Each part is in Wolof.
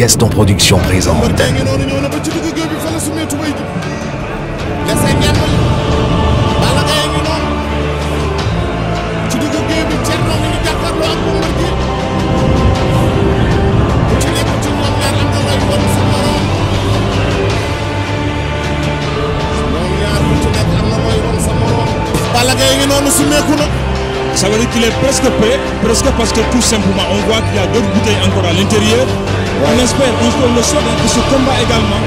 Gaston Production présente. Ça veut dire qu'il est presque prêt, presque parce que tout simplement on voit qu'il y a d'autres bouteilles encore à On espère, on le souhaite également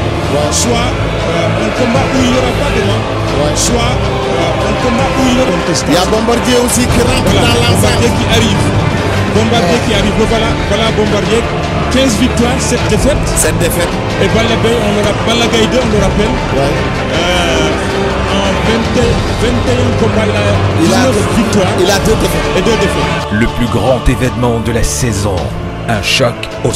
soit euh, un combat où il n'y pas de soit euh, un combat où il y aura contestation. Il y a Bombardier aussi qui rentre voilà, qui arrive. Bombardier qui arrive. Voilà, Bombardier. 15 victoires, 7 défaites. Et Balagaï, on le rappelle, on le rappelle. il a 19 défaites. Et 2 défaites. Le plus grand événement de la saison. Un choc au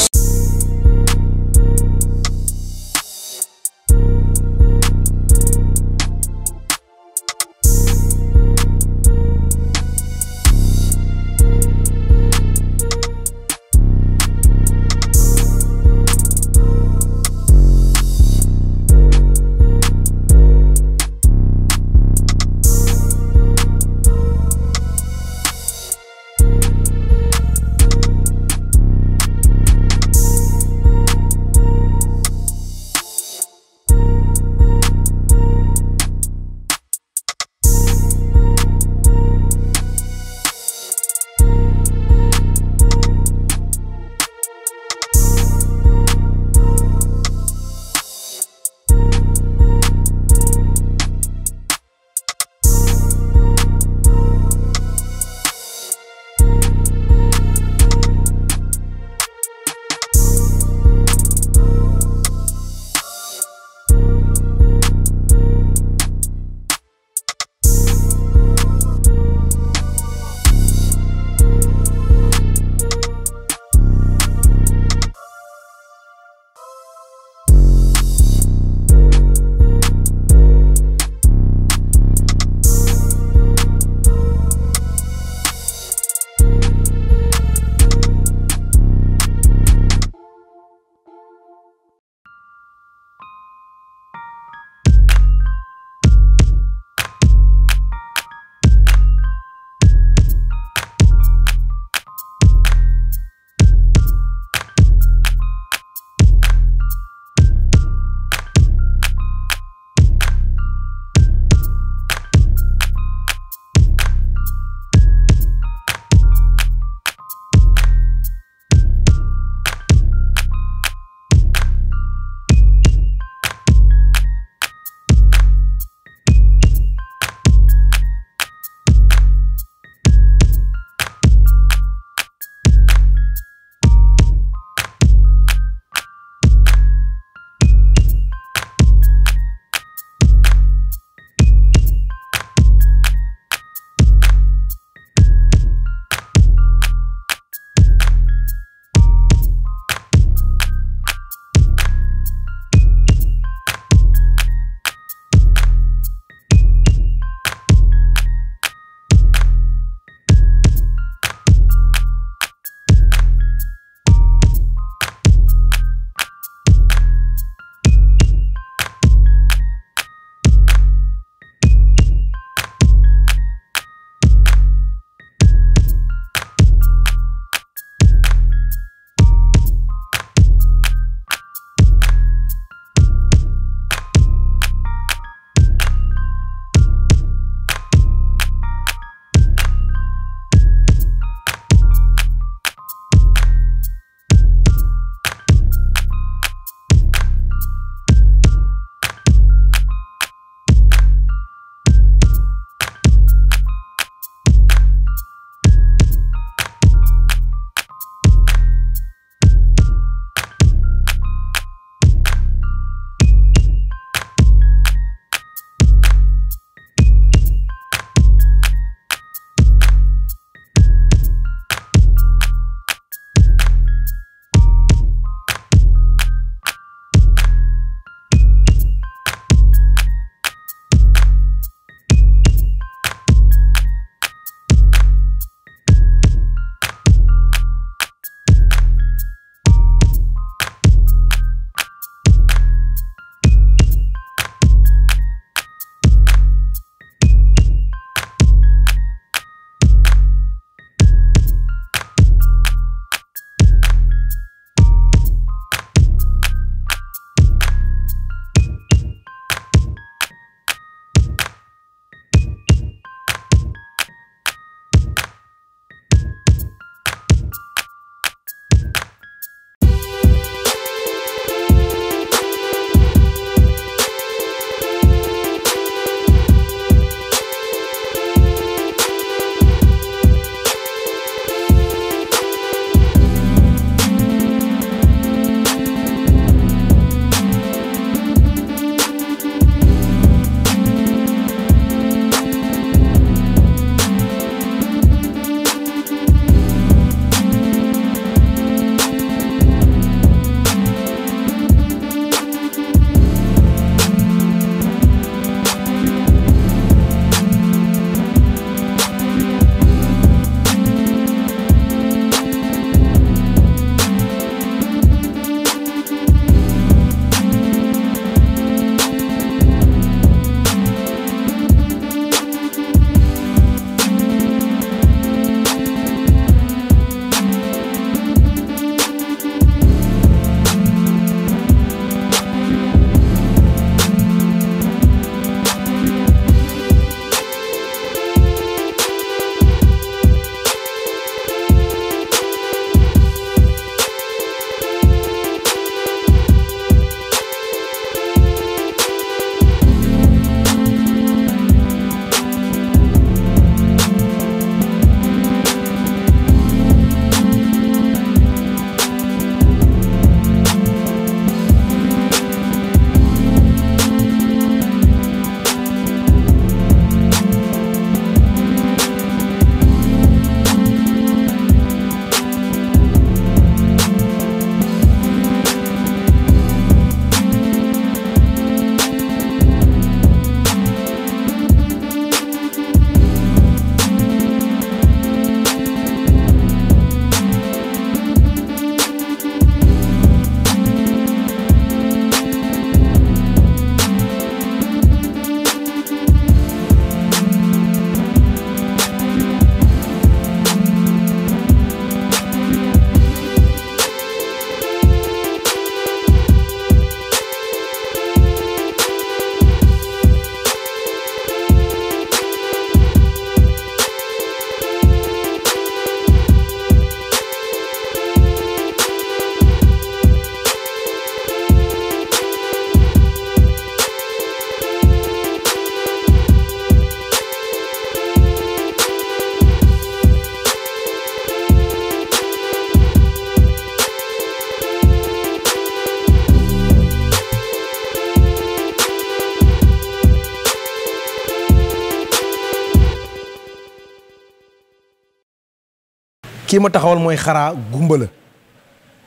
kii ma taxawal mooy xaraa gumba la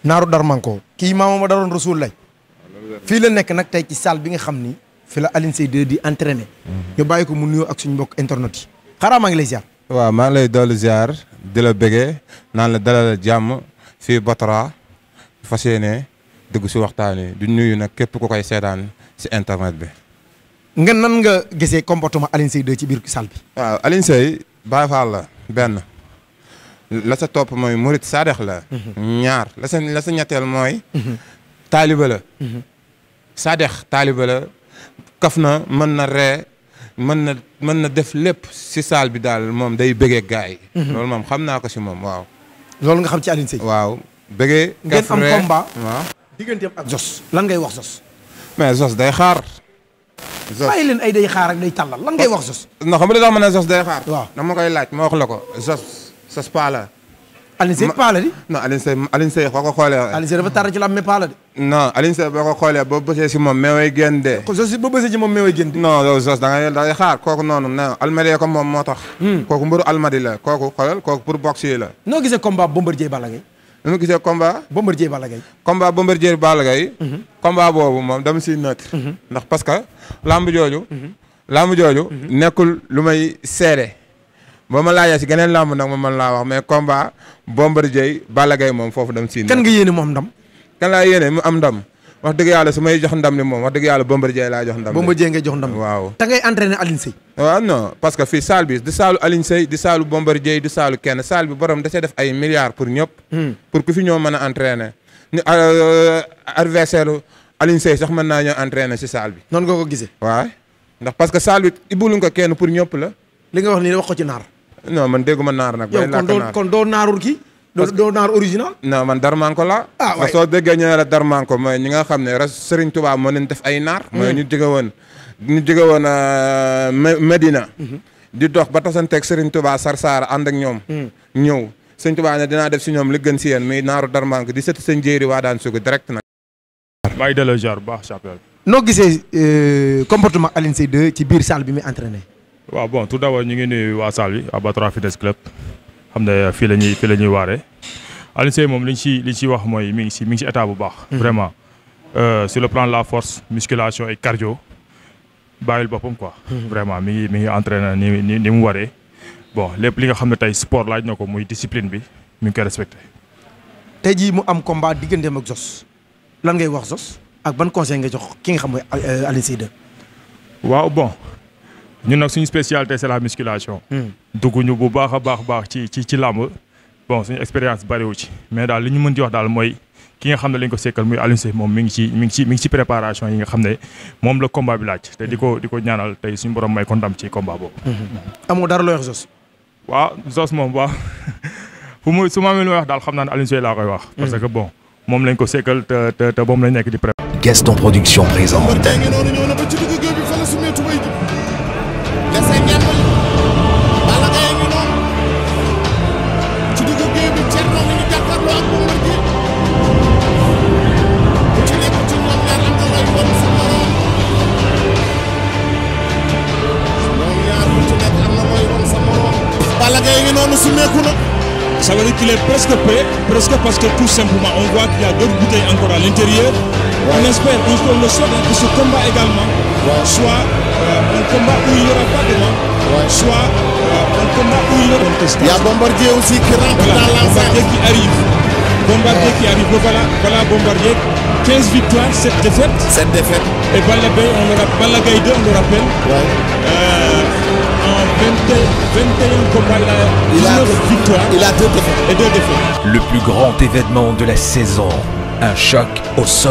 naaru darmanko kii maama ma daroon rasul lay fii la nekk nag tey ci salle bi nga xam ni fi la Alioune Seye 2 di ñu bàyyi ko mu nuyoo ak suñu mbokk internet yi xaraa lay ziar waaw maa ngi lay dolli ziar di la naan la dalal jàmm fii Batara fas yéene dugg si waxtaan wi du nuyu nag képp ku koy seetaan si internet bi nga nan nga gisee comportement Alioune ci biir salle bi waaw Alioune la benn la sa topp mooy murit sadex la ñaar la sa la sa ñetteel mooy taaliba la sadex taaliba la kaf na mën na ree mën na mën na def lépp si saal bi daal moom day bëggee gaay yi loolu moom xam naa ko si moom waaw loolu nga xam ci Alioune Seye waaw bëggee ngeen am combat waaw digganteem ak Zoss lan ngay wax Zoss mais Zoss day xaar Zoss bàyyi leen ay day xaar ak day tàllal lan ngay wax Zoss non xam nga li tax ma ne Zoss day xaar dama koy laaj ma wax la ko Zoss sas paa la. Alioune Seye paa la di. non Alioune Seye Alioune Seye boo ko xoolee. Alioune Seye dafa tar ci la am mais paa la di. non Alioune Seye bësee si moom meeway génn de. sos boo bësee si moom meeway génn de. non sos da ngay da kooku noonu non moom moo tax. Hmm. kooku mbëru Almadi la kooku xoolal kooku pour boxe yi la. noo gisee combat Bombardier Balla Gaye. nu hmm. boobu moom dama siy neutre. Hmm. ndax parce que jooju. lamb jooju. nekkul lu may seere ba ma laajee si geneen làmb nag ma mën laa wax mais combat Bombardier Balla Gaye moom foofu dem siin. kan nga yéene mu am ndam. kan laa yéene mu am ndam wax dëgg yàlla su may jox ndam li moom wax dëgg yàlla Bombardier laa jox ndam. Bombardier ngay jox ndam waaw. te ngay entraîné Alioune Seye. waaw ah, non parce que fii salle bi di saalu Alioune Seye di saalu Bombardier di saalu kenn salle bi borom da see def ay milliards pour ñëpp. Hmm. pour ku fi ñoo mën a entraîné. ni euh, adversaire Alioune Seye sax mën naa ñoo entraîné si salle bi. noonu nga ko gisee. waaw ndax parce que salle bi ibbaluñ ko kenn pour ñëpp la. li nga wax nii wax ko ci naar non man dégguma naar nag. bay làkk naar kon doo naarul kii. doo naar original. non man Darmanko la. ah soo déggee ñu ne la Darmanko mooy ñi nga xam ne res Serigne Touba moo leen def ay naar. Hmm. mooy ñu jóge woon ñu jóge woon euh, Medina. Hmm. di dox ba tasanteeg Serigne Touba Sarsara ànd ak ñoom. Hmm. ñëw Serigne Touba ne def si ñoom li gën si yéen muy naaru Darmanko di sëti seen jéeri waa daan sugu direct nag. bàyyi delloo jaar bu baax noo gisee euh, comportement Alioune Seye 2 ci biir salle bi muy entraîné. waaw bon tout d'abord ñu ngi nuyu waa salle bi Abattoir Fitness Club xam ne fii la ñuy fii la ñuy waaree Alioune Seye moom li ñu ci li ñu ci wax mooy mi ngi si mi ngi ci état bu baax. Mhm. vraiment euh, sur le plan la force musculation et cardio bàyyil boppam quoi. Mhm. vraiment mi ngi mi ngi entraîné ni ni ni mu waree bon lépp li nga xam ne tey sport laaj na ko muy discipline bi mi ngi koy respecté. tey jii mu am combat digganteem ak Zoss lan ngay wax Zoss ak ban conseil nga jox ki nga xam mooy euh, Alioune Seye waaw bon. ñun nag suñu spécialité c'est la musculation. Hmm. dugguñu bu baax a baax baax ci ci ci làmb. bon suñu expérience bariwu ci mais daal li ñu mën di wax daal mooy ki nga xam ne lañ ko sekkal muy Alioune moom mi ngi ci mi ngi ci mi ngi ci préparation yi nga xam ne moom la combat bi laaj. te di ko di ko ñaanal tey suñu borom may ko ndam ci combat boobu. Hmm. amoo dara looy wax Zos. waaw Zos moom waaw fu su ma amee wax daal xam naa ne Alioune Seye koy wax. Hmm. parce que bon moom lañ ko sekkal te te nekk di préparer. Gaston Production présente. qu'il est presque prêt, presque parce on voit qu'il y a d'autres l'intérieur. Ouais. On espère, on, le souhaite que ce combat également soit euh, un combat où il soit euh, un combat où il Bombardier aussi qui Bombardier qui arrive. Bombardier qui arrive. Voilà, voilà Bombardier. 15 victoires, Et on le rappelle, Balagaïde, on le rappelle. Euh, 21 combats, il a 19 victoires. Il a deux défaites. Et deux défaites. Le plus grand événement de la saison. Un choc au sommet.